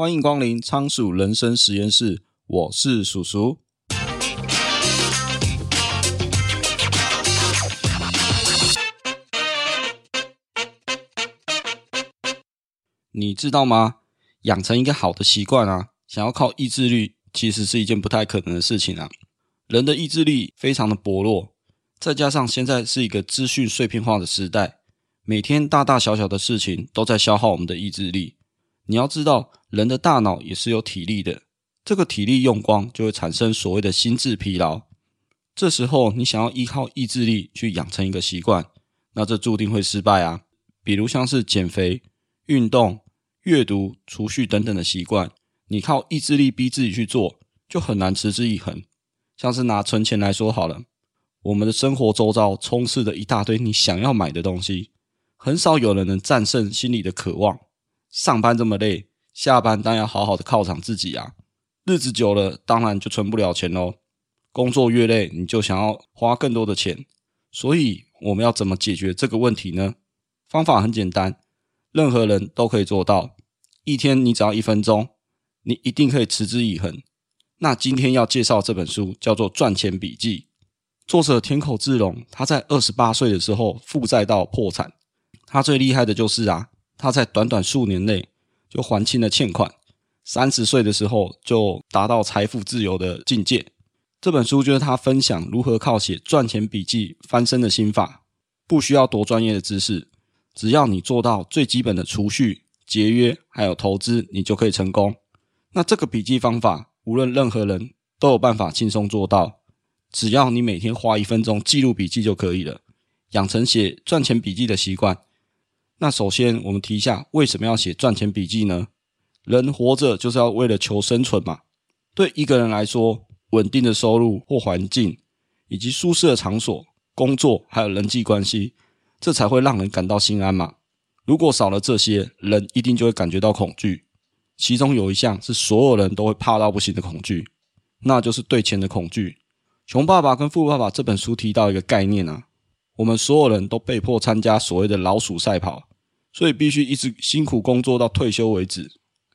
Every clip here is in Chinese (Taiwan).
歡迎光臨倉鼠人生實驗室，我是鼠鼠。你知道嗎？養成一個好的習慣啊，想要靠意志力，其實是一件不太可能的事情啊。人的意志力非常的薄弱，再加上現在是一個資訊碎片化的時代，每天大大小小的事情都在消耗我們的意志力。你要知道，人的大腦也是有體力的，這個體力用光，就會產生所謂的心智疲勞。這時候，你想要依靠意志力去養成一個習慣，那這注定會失敗啊。比如像是減肥、運動、閱讀、儲蓄等等的習慣，你靠意志力逼自己去做，就很難持之以恆。像是拿存錢來說好了，我們的生活周遭充斥着一大堆你想要買的東西，很少有人能戰勝心裡的渴望。上班這麼累，下班當然要好好的犒賞自己啊！日子久了，當然就存不了錢嘍。工作越累，你就想要花更多的錢。所以，我們要怎麼解決這個問題呢？方法很簡單，任何人都可以做到。一天你只要一分鐘，你一定可以持之以恆。那今天要介紹這本書，叫做《賺錢筆記》，作者田口智隆。他在二十八歲的時候負債到破產，他最厲害的就是啊。他在短短數年內就還清了欠款，三十歲的時候就達到財富自由的境界。這本書就是他分享如何靠寫賺錢筆記翻身的心法，不需要多專業的知識，只要你做到最基本的儲蓄、節約還有投資，你就可以成功。那這個筆記方法，無論任何人都有辦法輕鬆做到，只要你每天花一分鐘記錄筆記就可以了，養成寫賺錢筆記的習慣。那首先，我們提一下為什麼要寫賺錢筆記呢？人活着就是要為了求生存嘛。對一個人來說，穩定的收入或環境，以及舒適的場所、工作還有人際關係，這才會讓人感到心安嘛。如果少了這些，人一定就會感覺到恐懼。其中有一項是所有人都會怕到不行的恐懼，那就是對錢的恐懼。《窮爸爸跟富爸爸》這本書提到一個概念啊，我們所有人都被迫參加所謂的老鼠賽跑。所以必須一直辛苦工作到退休為止，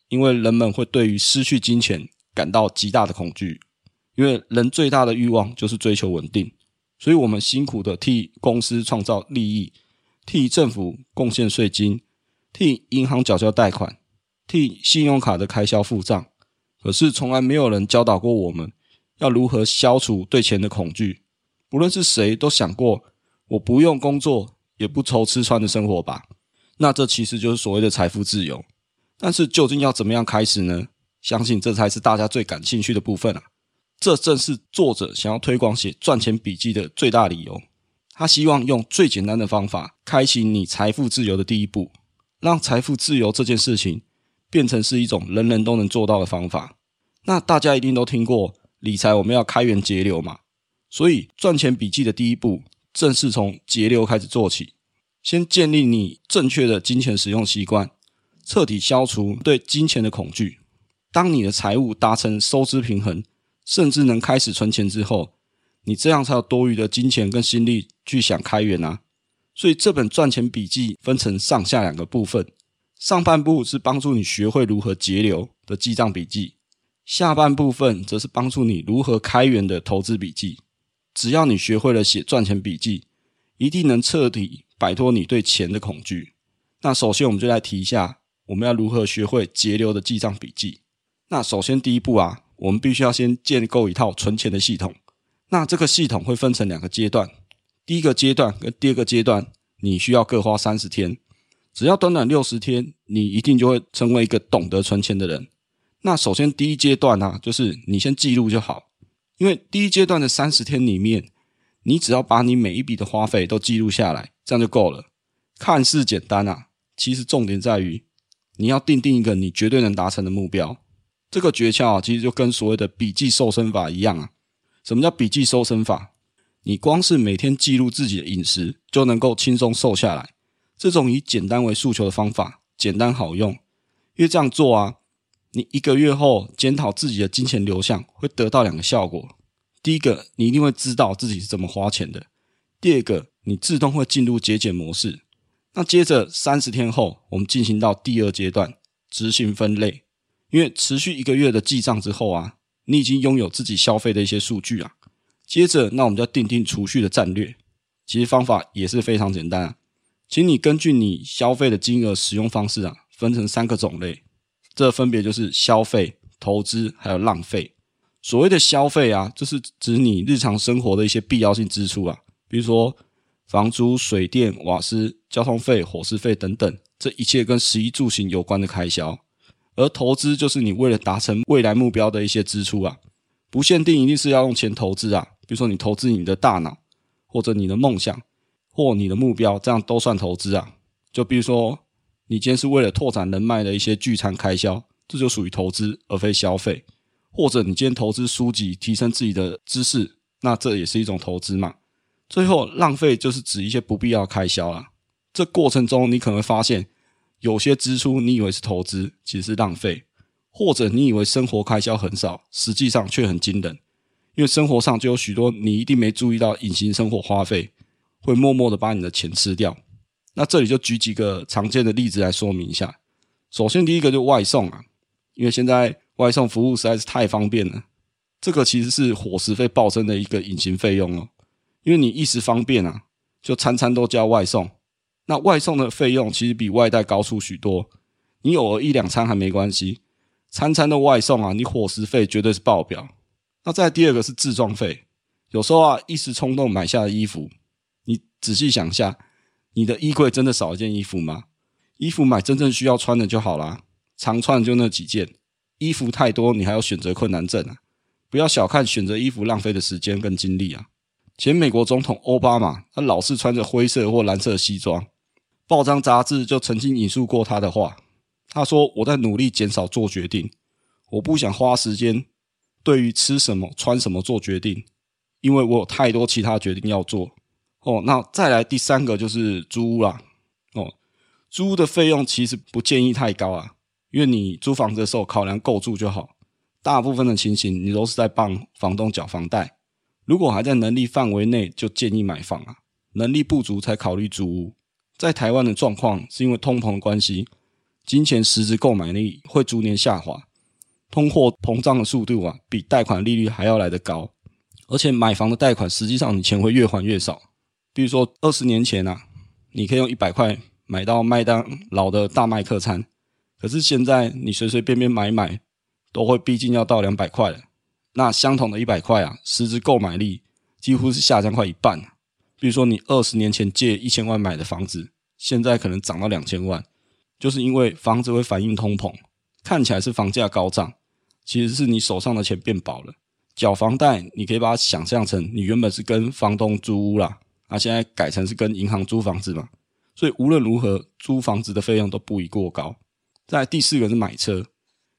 因為人們會對於失去金錢感到極大的恐懼，因為人最大的欲望就是追求穩定。所以我們辛苦的替公司創造利益，替政府貢獻稅金，替銀行繳交貸款，替信用卡的開銷付賬。可是從來沒有人教導過我們要如何消除對錢的恐懼。不論是誰都想過，我不用工作也不愁吃穿的生活吧。那這其實就是所謂的財富自由，但是究竟要怎麼樣開始呢？相信這才是大家最感興趣的部分啊，這正是作者想要推廣寫賺錢筆記的最大理由。他希望用最簡單的方法開啟你財富自由的第一步，讓財富自由這件事情變成是一種人人都能做到的方法。那大家一定都聽過理財，我們要開源節流嘛。所以賺錢筆記的第一步，正是從節流開始做起。先建立你正確的金錢使用習慣，徹底消除對金錢的恐懼。當你的財務達成收支平衡，甚至能開始存錢之後，你這樣才有多餘的金錢跟心力去想開源啊！所以這本賺錢筆記分成上下兩個部分，上半部是幫助你學會如何節流的記賬筆記，下半部分則是幫助你如何開源的投資筆記。只要你學會了寫賺錢筆記，一定能徹底擺脫你對錢的恐懼。那首先，我們就來提一下，我們要如何學會節流的記賬筆記。那首先，第一步啊，我們必須要先建構一套存錢的系統。那這個系統會分成兩個階段，第一個階段跟第二個階段，你需要各花三十天，只要短短六十天，你一定就會成為一個懂得存錢的人。那首先，第一階段啊，就是你先記錄就好，因為第一階段的三十天裡面，你只要把你每一筆的花費都記錄下來。這樣就夠了，看似簡單啊，其實重點在於你要定定一個你絕對能達成的目標。這個訣竅啊，其實就跟所謂的筆記瘦身法一樣啊。什麼叫筆記瘦身法？你光是每天記錄自己的飲食，就能夠輕鬆瘦下來。這種以簡單為訴求的方法，簡單好用。因為這樣做啊，你一個月後檢討自己的金錢流向，會得到兩個效果。第一個，你一定會知道自己是怎麼花錢的。第二個。你自動會進入節儉模式。那接着三十天後，我們進行到第二階段執行分類，因為持續一個月的記賬之後啊，你已經擁有自己消費的一些數據啊。接着，那我們就要訂定儲蓄的戰略。其實方法也是非常簡單，啊，請你根據你消費的金額、使用方式啊，分成三個種類，這分別就是消費、投資還有浪費。所謂的消費啊，就是指你日常生活的一些必要性支出啊，比如說。房租、水電、瓦斯、交通費、伙食費等等，這一切跟食衣住行有關的開銷，而投資就是你為了達成未來目標的一些支出啊。不限定一定是要用錢投資啊，比如說你投資你的大腦，或者你的夢想，或你的目標，這樣都算投資啊。就比如說你今天是為了拓展人脈的一些聚餐開銷，這就屬於投資而非消費。或者你今天投資書籍提升自己的知識，那這也是一種投資嘛。最後，浪費就是指一些不必要開銷了。這過程中，你可能會發現，有些支出你以為是投資，其實是浪費；或者你以為生活開銷很少，實際上卻很驚人。因為生活上就有許多你一定沒注意到隱形生活花費，會默默的把你的錢吃掉。那這裡就舉幾個常見的例子來說明一下。首先，第一個就外送啊，因為現在外送服務實在是太方便了，這個其實是伙食費暴增的一個隱形費用哦。因為你一時方便啊，就餐餐都叫外送，那外送的費用其實比外帶高出許多。你偶爾一兩餐還沒關係，餐餐都外送啊，你伙食費絕對是爆表。那再第二個是置裝費，有時候啊，一時衝動買下的衣服，你仔細想一下，你的衣櫃真的少一件衣服嗎？衣服買真正需要穿的就好啦。常穿的就那幾件，衣服太多，你還要選擇困難症啊！不要小看選擇衣服浪費的時間跟精力啊！前美國總統歐巴馬，他老是穿着灰色或藍色的西裝。報章雜誌就曾經引述過他的話，他說：“我在努力減少做決定，我不想花時間對於吃什麼、穿什麼做決定，因為我有太多其他決定要做。”哦，那再來第三個就是租屋啦。哦，租屋的費用其實不建議太高啊，因為你租房子的時候考量夠住就好，大部分的情形你都是在幫房東繳房貸。如果還在能力範圍內，就建議買房啊。能力不足才考慮租屋。在台灣的狀況，是因為通膨的關係，金錢實質購買力會逐年下滑。通貨膨脹的速度啊，比貸款利率還要來得高。而且買房的貸款，實際上你錢會越還越少。比如說二十年前啊，你可以用一百塊買到麥當勞的大麥克餐，可是現在你隨隨便便買買，都會畢竟要到兩百塊了。那相同的一百塊啊，實質購買力幾乎是下降快一半啊。比如說，你二十年前借一千萬買的房子，現在可能漲到兩千萬，就是因為房子會反應通膨，看起來是房價高漲，其實是你手上的錢變薄了。繳房貸，你可以把它想象成你原本是跟房東租屋啦，啊，現在改成是跟銀行租房子嘛。所以無論如何，租房子的費用都不宜過高。再來第第四個是買車，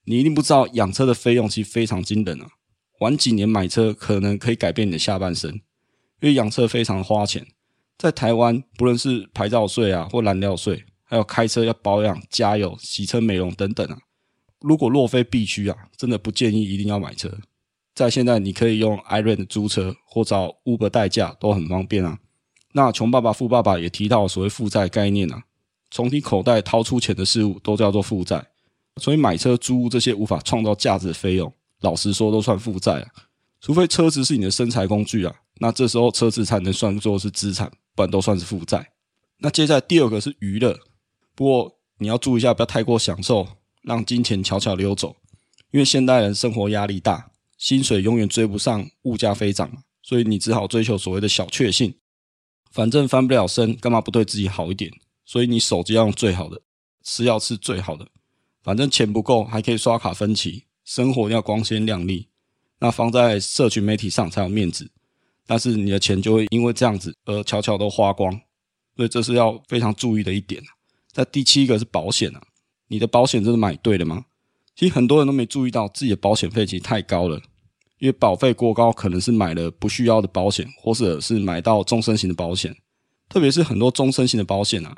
你一定不知道養車的費用其實非常驚人啊。晚幾年買車可能可以改變你的下半生，因為養車非常花錢。在台灣，不論是牌照稅啊，或燃料稅，還有開車要保養、加油、洗車、美容等等啊，如果若非必須啊，真的不建議一定要買車。在現在，你可以用 iRent 租車或找 Uber 代駕都很方便啊。那窮爸爸富爸爸也提到所謂負債概念啊，從你口袋掏出錢的事物都叫做負債，所以買車、租屋這些無法創造價值的費用。老實說，都算負債啊。除非車子是你的生財工具啊，那這時候車子才能算作是資產，不然都算是負債。那接下來第二個是娛樂，不過你要注意一下，不要太過享受，讓金錢悄悄溜走。因為現代人生活壓力大，薪水永遠追不上，物價飛漲，所以你只好追求所謂的小確幸。反正翻不了身，幹嘛不對自己好一點？所以你手機要用最好的，吃要吃最好的，反正錢不夠，還可以刷卡分期。生活要光鮮亮麗，那放在社群媒體上才有面子，但是你的錢就會因為這樣子而悄悄都花光，所以這是要非常注意的一點。再第七個是保險啊，你的保險真的買對了嗎？其實很多人都沒注意到自己的保險費其實太高了，因為保費過高可能是買了不需要的保險，或者是買到終身型的保險，特別是很多終身型的保險啊，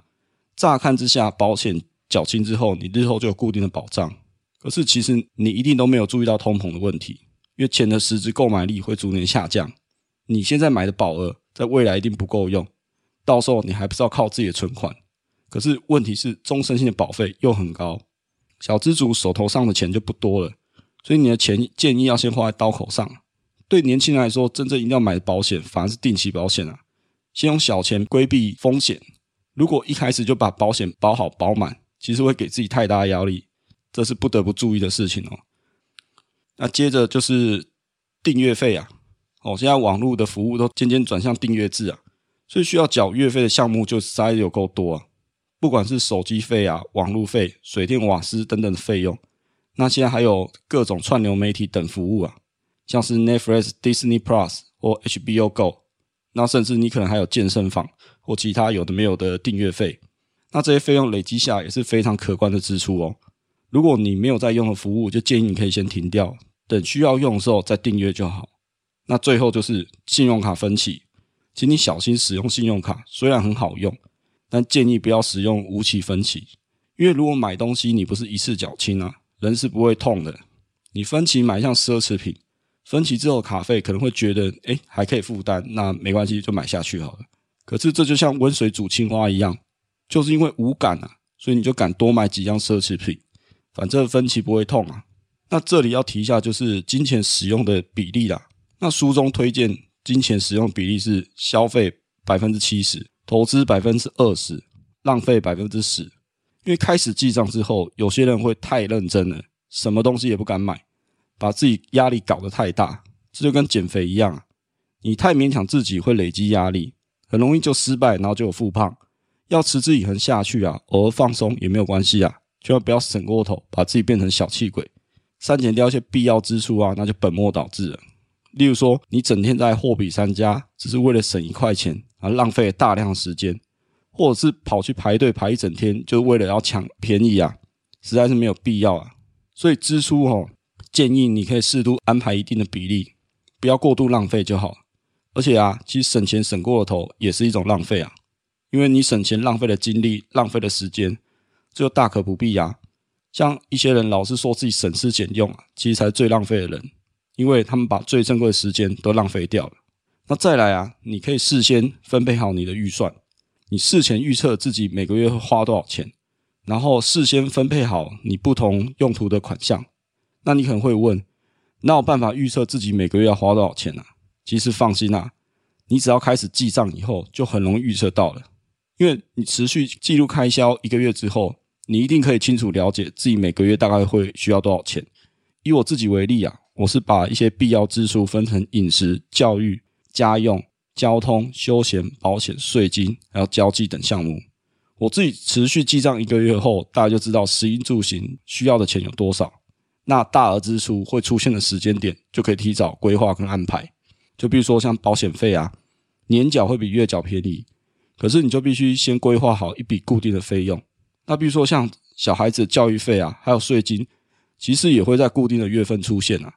乍看之下保險繳清之後，你日後就有固定的保障。可是，其實你一定都沒有注意到通膨的問題，因為錢的實質購買力會逐年下降。你現在買的保額，在未來一定不夠用，到時候你還不是要靠自己的存款？可是，問題是終身性的保費又很高，小資族手頭上的錢就不多了，所以你的錢建議要先花在刀口上。對年輕人來說，真正一定要買的保險，反而是定期保險啊，先用小錢規避風險。如果一開始就把保險保好保滿，其實會給自己太大的壓力。這是不得不注意的事情哦。那接着就是訂閱費啊，哦，現在網絡的服務都漸漸轉向訂閱制啊，所以需要繳月費的項目就實在有夠多啊。不管是手機費啊、網絡費、水電瓦斯等等的費用，那現在還有各種串流媒體等服務啊，像是 Netflix、Disney Plus 或 HBO Go，那甚至你可能還有健身房或其他有的沒有的訂閱費，那這些費用累積下也是非常可觀的支出哦。如果你沒有在用的服務，就建議你可以先停掉，等需要用的時候再訂閱就好。那最後就是信用卡分期，請你小心使用信用卡。雖然很好用，但建議不要使用無期分期，因為如果買東西你不是一次繳清啊，人是不會痛的。你分期買一項奢侈品，分期之後卡費可能會覺得哎，還可以負擔，那沒關係就買下去好了。可是這就像溫水煮青蛙一樣，就是因為無感啊，所以你就敢多買幾樣奢侈品。反正分期不會痛啊。那這裡要提一下，就是金錢使用的比例啦、啊。那書中推薦金錢使用的比例是：消費百分之七十，投資百分之二十，浪費百分之十。因為開始記賬之後，有些人會太認真了，什麼東西也不敢買，把自己壓力搞得太大。這就跟減肥一樣、啊，你太勉強自己會累積壓力，很容易就失敗，然後就有復胖。要持之以恆下去啊，偶爾放鬆也沒有關係啊。千萬不要省過頭，把自己變成小氣鬼，刪減掉一些必要支出啊，那就本末倒置了。例如說，你整天在貨比三家，只是為了省一塊錢而，啊，浪費了大量的時間，或者是跑去排隊排一整天，就是為了要搶便宜啊，實在是沒有必要啊。所以支出哦，建議你可以適度安排一定的比例，不要過度浪費就好。而且啊，其實省錢省過了頭也是一種浪費啊，因為你省錢浪費了精力，浪費了時間。就大可不必啊，像一些人老是說自己省吃儉用，啊，其實才是最浪費的人，因為他們把最珍貴的時間都浪費掉了。那再來啊，你可以事先分配好你的預算，你事前預測自己每個月會花多少錢，然後事先分配好你不同用途的款項。那你可能會問，哪有辦法預測自己每個月要花多少錢呢、啊？其實放心啊，你只要開始記賬以後，就很容易預測到了，因為你持續記錄開銷一個月之後。你一定可以清楚了解自己每個月大概會需要多少錢。以我自己為例啊，我是把一些必要支出分成飲食、教育、家用、交通、休閒、保險、稅金，還有交際等項目。我自己持續記賬一個月後，大家就知道食衣住行需要的錢有多少。那大額支出會出現的時間點，就可以提早規劃跟安排。就比如說像保險費啊，年繳會比月繳便宜，可是你就必須先規劃好一筆固定的費用。那比如說像小孩子的教育費啊，還有稅金，其實也會在固定的月份出現啊。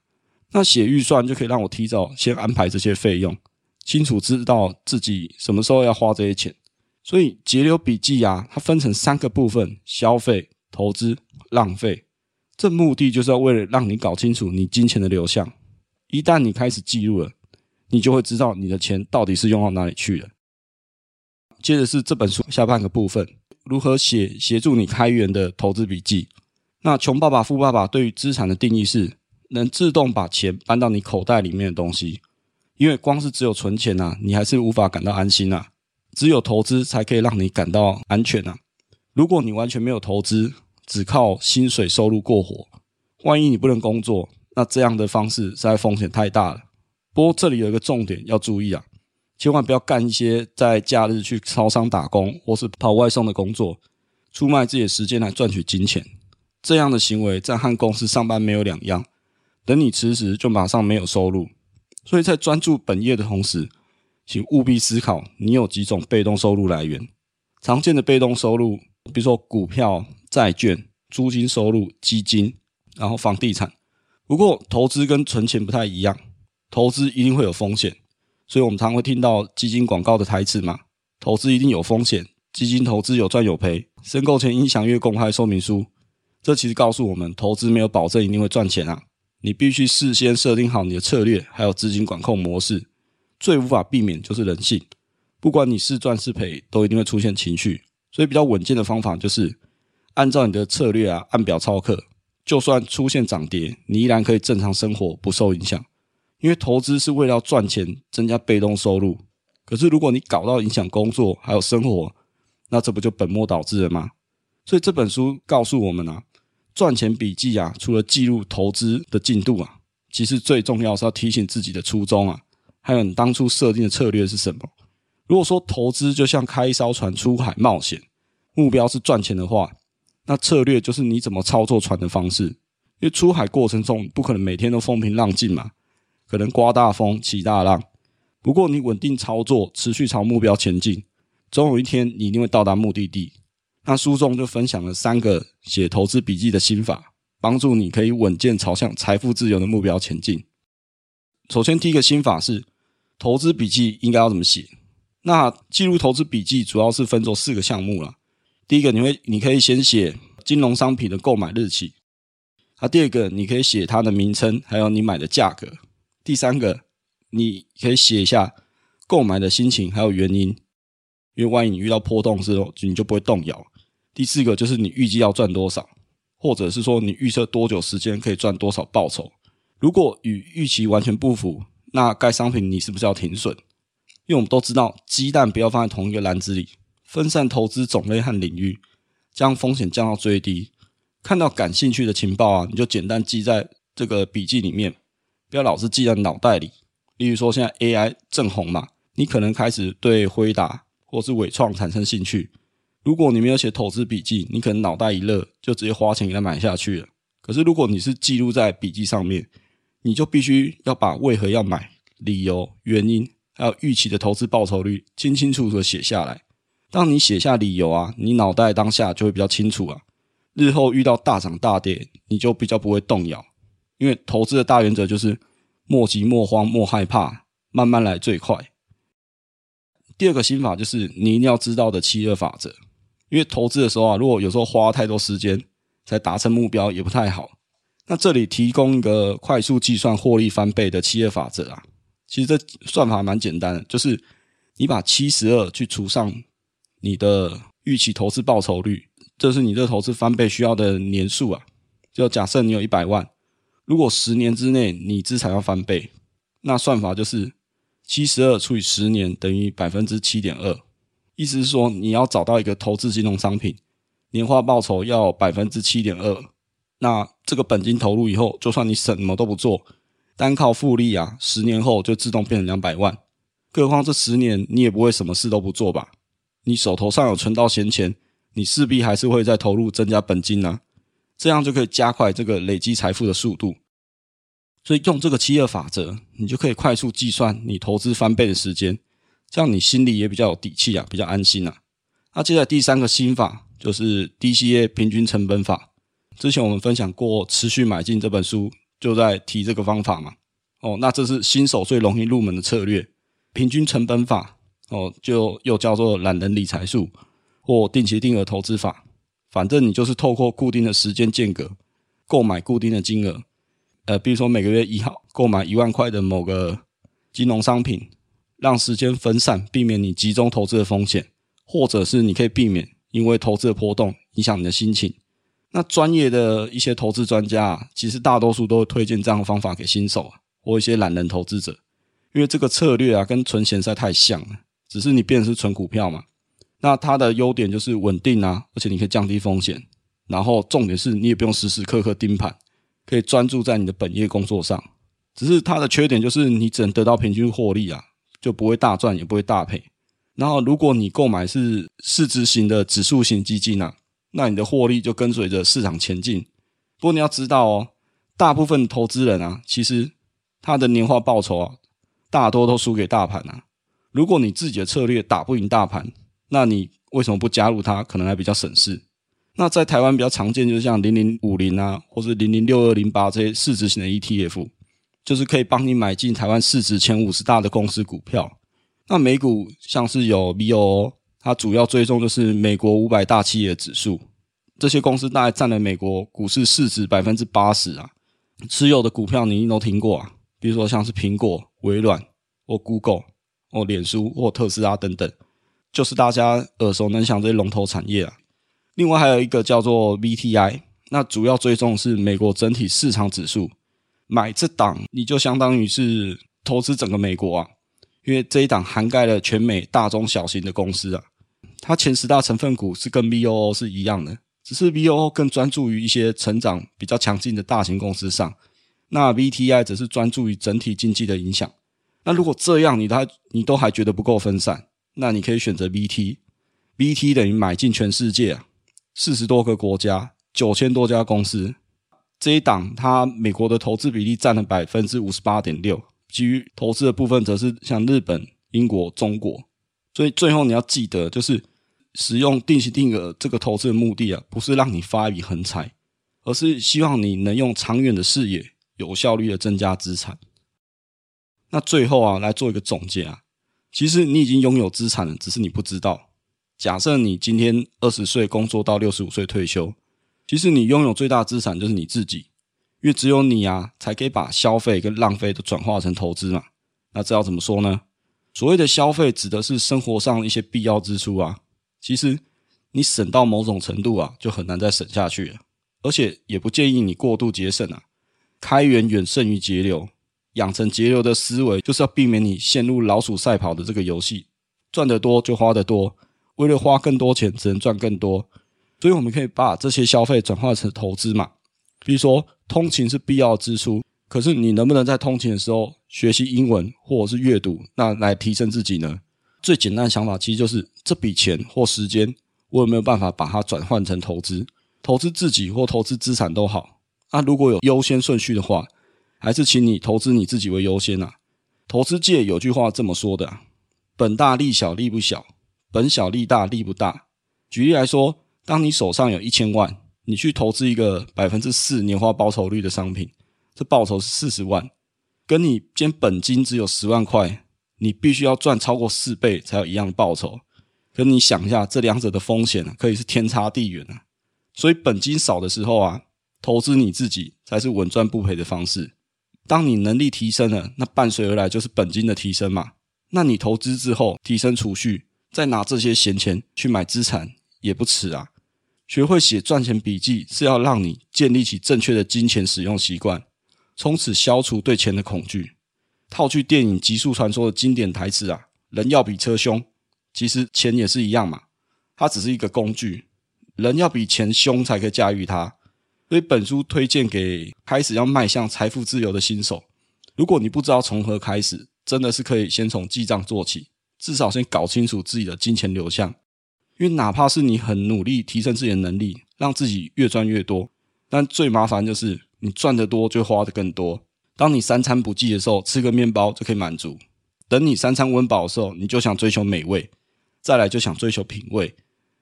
那寫預算就可以讓我提早先安排這些費用，清楚知道自己什麼時候要花這些錢。所以節流筆記啊，它分成三個部分：消費、投資、浪費。這目的就是要為了讓你搞清楚你金錢的流向。一旦你開始記錄了，你就會知道你的錢到底是用到哪裡去了。接着是這本書下半個部分。如何寫協助你開源的投資筆記？那窮爸爸富爸爸對於資產的定義是能自動把錢搬到你口袋裡面的東西。因為光是只有存錢吶啊，你還是無法感到安心啊。只有投資才可以讓你感到安全啊。如果你完全沒有投資，只靠薪水收入過活，萬一你不能工作，那這樣的方式實在風險太大了。不過這裡有一個重點要注意啊。千萬不要幹一些在假日去超商打工或是跑外送的工作，出賣自己的時間來賺取金錢。這樣的行為在和公司上班沒有兩樣。等你辭職，就馬上沒有收入。所以在專注本業的同時，請務必思考你有幾種被動收入來源。常見的被動收入，比如說股票、債券、租金收入、基金，然後房地產。不過投資跟存錢不太一樣，投資一定會有風險。所以，我們常會聽到基金廣告的台詞嘛，投資一定有風險，基金投資有賺有賠。申購前應詳閱公開說明書。這其實告訴我們，投資沒有保證一定會賺錢啊！你必須事先設定好你的策略，還有資金管控模式。最無法避免就是人性，不管你是賺是賠，都一定會出現情緒。所以，比較穩健的方法就是按照你的策略啊，按表操課，就算出現漲跌，你依然可以正常生活不受影響。因為投資是為了要賺錢，增加被動收入。可是如果你搞到影響工作還有生活，那這不就本末倒置了嗎？所以這本書告訴我們啊，賺錢筆記啊，除了記錄投資的進度啊，其實最重要的是要提醒自己的初衷啊，還有你當初設定的策略是什麼。如果說投資就像開一艘船出海冒險，目標是賺錢的話，那策略就是你怎麼操作船的方式。因為出海過程中你不可能每天都風平浪靜嘛。可能刮大風、起大浪，不過你穩定操作，持續朝目標前進，總有一天你一定會到達目的地。那書中就分享了三個寫投資筆記的心法，幫助你可以穩健朝向財富自由的目標前進。首先，第一個心法是投資筆記應該要怎麼寫？那記錄投資筆記主要是分做四個項目啦。第一個，你會你可以先寫金融商品的購買日期；那第二個，你可以寫它的名稱，還有你買的價格。第三個，你可以寫一下購買的心情，還有原因，因為萬一你遇到波動之後，你就不會動搖。第四個就是你預計要賺多少，或者是說你預測多久時間可以賺多少報酬。如果與預期完全不符，那該商品你是不是要停損？因為我們都知道，雞蛋不要放在同一個籃子裡，分散投資種類和領域，將風險降到最低。看到感興趣的情報啊，你就簡單記在這個筆記裡面。不要老是記在腦袋裡。例如說，現在 AI 正紅嘛，你可能開始對輝達或是偉創產生興趣。如果你沒有寫投資筆記，你可能腦袋一熱就直接花錢給他買下去了。可是如果你是記錄在筆記上面，你就必須要把為何要買、理由、原因，還有預期的投資報酬率清清楚楚的寫下來。當你寫下理由啊，你腦袋當下就會比較清楚啊，日後遇到大漲大跌，你就比較不會動搖。因為投資的大原則就是莫急莫慌莫害怕，慢慢來最快。第二個心法就是你一定要知道的七二法則，因為投資的時候啊，如果有時候花太多時間才達成目標也不太好。那這裡提供一個快速計算獲利翻倍的七二法則啊，其實這算法蠻簡單的，就是你把七十二去除上你的預期投資報酬率，這是你這投資翻倍需要的年數啊。就假設你有一百萬。如果十年之內你資產要翻倍，那算法就是七十二除以十年等於百分之七點二。意思是說，你要找到一個投資金融商品，年化報酬要百分之七點二。那這個本金投入以後，就算你什麼都不做，單靠複利啊，十年後就自動變成兩百萬。更何況這十年你也不會什麼事都不做吧？你手頭上有存到閒錢，你勢必還是會再投入增加本金呢、啊。這樣就可以加快這個累積財富的速度，所以用這個七二法則，你就可以快速計算你投資翻倍的時間，這樣你心裡也比較有底氣啊，比較安心啊，啊。那接着來第三個心法就是 DCA 平均成本法，之前我們分享過《持續買進》這本書就在提這個方法嘛。哦，那這是新手最容易入門的策略——平均成本法。哦，就又叫做懶人理財術或定期定額投資法。反正你就是透過固定的時間間隔購買固定的金額，呃，比如說每個月一號購買一萬塊的某個金融商品，讓時間分散，避免你集中投資的風險，或者是你可以避免因為投資的波動影響你的心情。那專業的一些投資專家啊，其實大多數都會推薦這樣的方法給新手啊，或一些懶人投資者，因為這個策略啊，跟存錢實在太像了，只是你變的是存股票嘛。那它的優點就是穩定啊，而且你可以降低風險，然後重點是你也不用時時刻刻盯盤，可以專注在你的本業工作上。只是它的缺點就是你只能得到平均獲利啊，就不會大賺也不會大賠。然後如果你購買是市值型的指數型基金啊，那你的獲利就跟隨着市場前進。不過你要知道哦，大部分投資人啊，其實他的年化報酬啊，大多都輸給大盤啊。如果你自己的策略打不贏大盤，那你為什麼不加入它？可能還比較省事。那在台灣比較常見，就是像零零五零啊，或是零零六二零八這些市值型的 ETF，就是可以幫你買進台灣市值前五十大的公司股票。那美股像是有 VOO，它主要追蹤就是美國五百大企業的指數，這些公司大概占了美國股市市值百分之八十啊。持有的股票你一定都聽過啊，比如說像是蘋果、微軟或 Google、或臉書或特斯拉等等。就是大家耳熟能詳這些龍頭產業啊，另外還有一個叫做 VTI，那主要追蹤的是美國整體市場指數，買這檔你就相當於是投資整個美國啊，因為這一檔涵蓋了全美大中小型的公司啊。它前十大成分股是跟 VOO 是一樣的，只是 VOO 更專注於一些成長比較強勁的大型公司上，那 VTI 則是專注於整體經濟的影響。那如果這樣你都還你都還覺得不夠分散？那你可以選擇 VT，VT 等於買進全世界啊，四十多個國家九千多家公司，這一檔它美國的投資比例占了百分之五十八點六，其餘投資的部分則是像日本、英國、中國。所以最後你要記得，就是使用定期定額這個投資的目的啊，不是讓你發一筆橫財，而是希望你能用長遠的視野，有效率的增加資產。那最後啊，來做一個總結啊。其實你已經擁有資產了，只是你不知道。假設你今天二十歲工作到六十五歲退休，其實你擁有最大資產就是你自己，因為只有你啊，才可以把消費跟浪費都轉化成投資嘛。那這要怎麼說呢？所謂的消費，指的是生活上一些必要支出啊。其實你省到某種程度啊，就很難再省下去了。而且也不建議你過度節省啊，開源遠勝於節流。養成節流的思維，就是要避免你陷入老鼠賽跑的這個遊戲，賺得多就花得多，為了花更多錢，只能賺更多。所以我們可以把這些消費轉化成投資嘛？比如說，通勤是必要的支出，可是你能不能在通勤的時候學習英文或者是閱讀，那來提升自己呢？最簡單的想法其實就是這筆錢或時間，我有沒有辦法把它轉換成投資？投資自己或投資資產都好。那如果有優先順序的話。還是請你投資你自己為優先啊！投資界有句話這麼說的啊：“本大利小，利不小；本小利大，利不大。”舉例來說，當你手上有一千萬，你去投資一個百分之四年化報酬率的商品，這報酬是四十萬，跟你兼本金只有十萬塊，你必須要賺超過四倍才有一樣的報酬。可你想一下，這兩者的風險啊，可以是天差地遠啊！所以本金少的時候啊，投資你自己才是穩賺不賠的方式。當你能力提升了，那伴隨而來就是本金的提升嘛。那你投資之後提升儲蓄，再拿這些閒錢去買資產也不遲啊。學會寫賺錢筆記是要讓你建立起正確的金錢使用習慣，從此消除對錢的恐懼。套句電影《極速傳說》的經典台詞啊，人要比車兇，其實錢也是一樣嘛，它只是一個工具，人要比錢兇才可以駕馭它。所以本書推薦給開始要邁向財富自由的新手。如果你不知道從何開始，真的是可以先從記賬做起，至少先搞清楚自己的金錢流向。因為哪怕是你很努力提升自己的能力，讓自己越賺越多，但最麻煩就是你賺得多就花得更多。當你三餐不濟的時候，吃個麵包就可以滿足；等你三餐溫飽的時候，你就想追求美味，再來就想追求品味。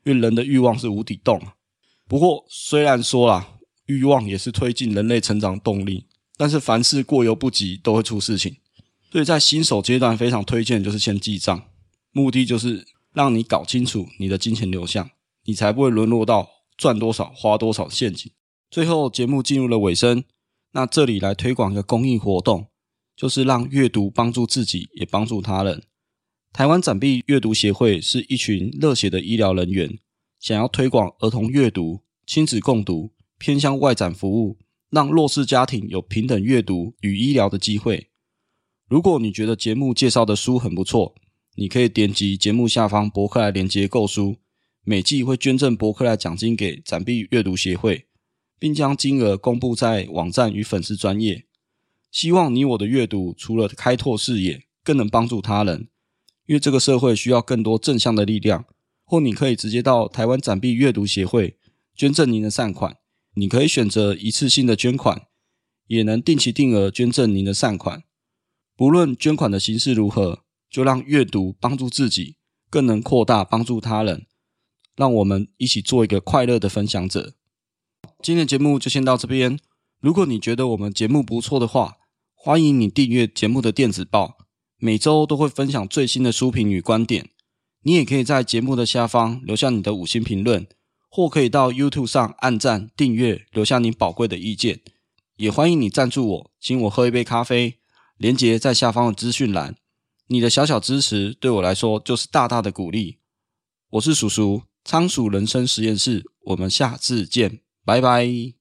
因為人的欲望是無底洞。不過雖然說啦。慾望也是推進人類成長動力，但是凡事過猶不及，都會出事情。所以在新手階段，非常推薦的就是先記賬，目的就是讓你搞清楚你的金錢流向，你才不會淪落到賺多少花多少的陷阱。最後，節目進入了尾聲，那這裡來推廣一個公益活動，就是讓閱讀幫助自己，也幫助他人。台灣展臂閱讀協會是一群熱血的醫療人員，想要推廣兒童閱讀、親子共讀。偏鄉外展服務，讓弱勢家庭有平等閱讀與醫療的機會。如果你覺得節目介紹的書很不錯，你可以點擊節目下方博客來連結購書。每季會捐贈博客來獎金給展臂閱讀協會，並將金額公布在網站與粉絲專頁。希望你我的閱讀除了開拓視野，更能幫助他人，因為這個社會需要更多正向的力量。或你可以直接到台灣展臂閱讀協會捐贈您的善款。你可以選擇一次性的捐款，也能定期定額捐贈您的善款。不論捐款的形式如何，就讓閱讀幫助自己，更能擴大幫助他人。讓我們一起做一個快樂的分享者。今天的節目就先到這邊，如果你覺得我們節目不錯的話，歡迎你訂閱節目的電子報，每周都會分享最新的書評與觀點。你也可以在節目的下方留下你的五星評論。或可以到 YouTube 上按讚、訂閱，留下您寶貴的意見，也歡迎你贊助我，請我喝一杯咖啡，連結在下方的資訊欄。你的小小支持對我來說就是大大的鼓勵。我是叔叔，倉鼠人生實驗室，我們下次見，拜拜。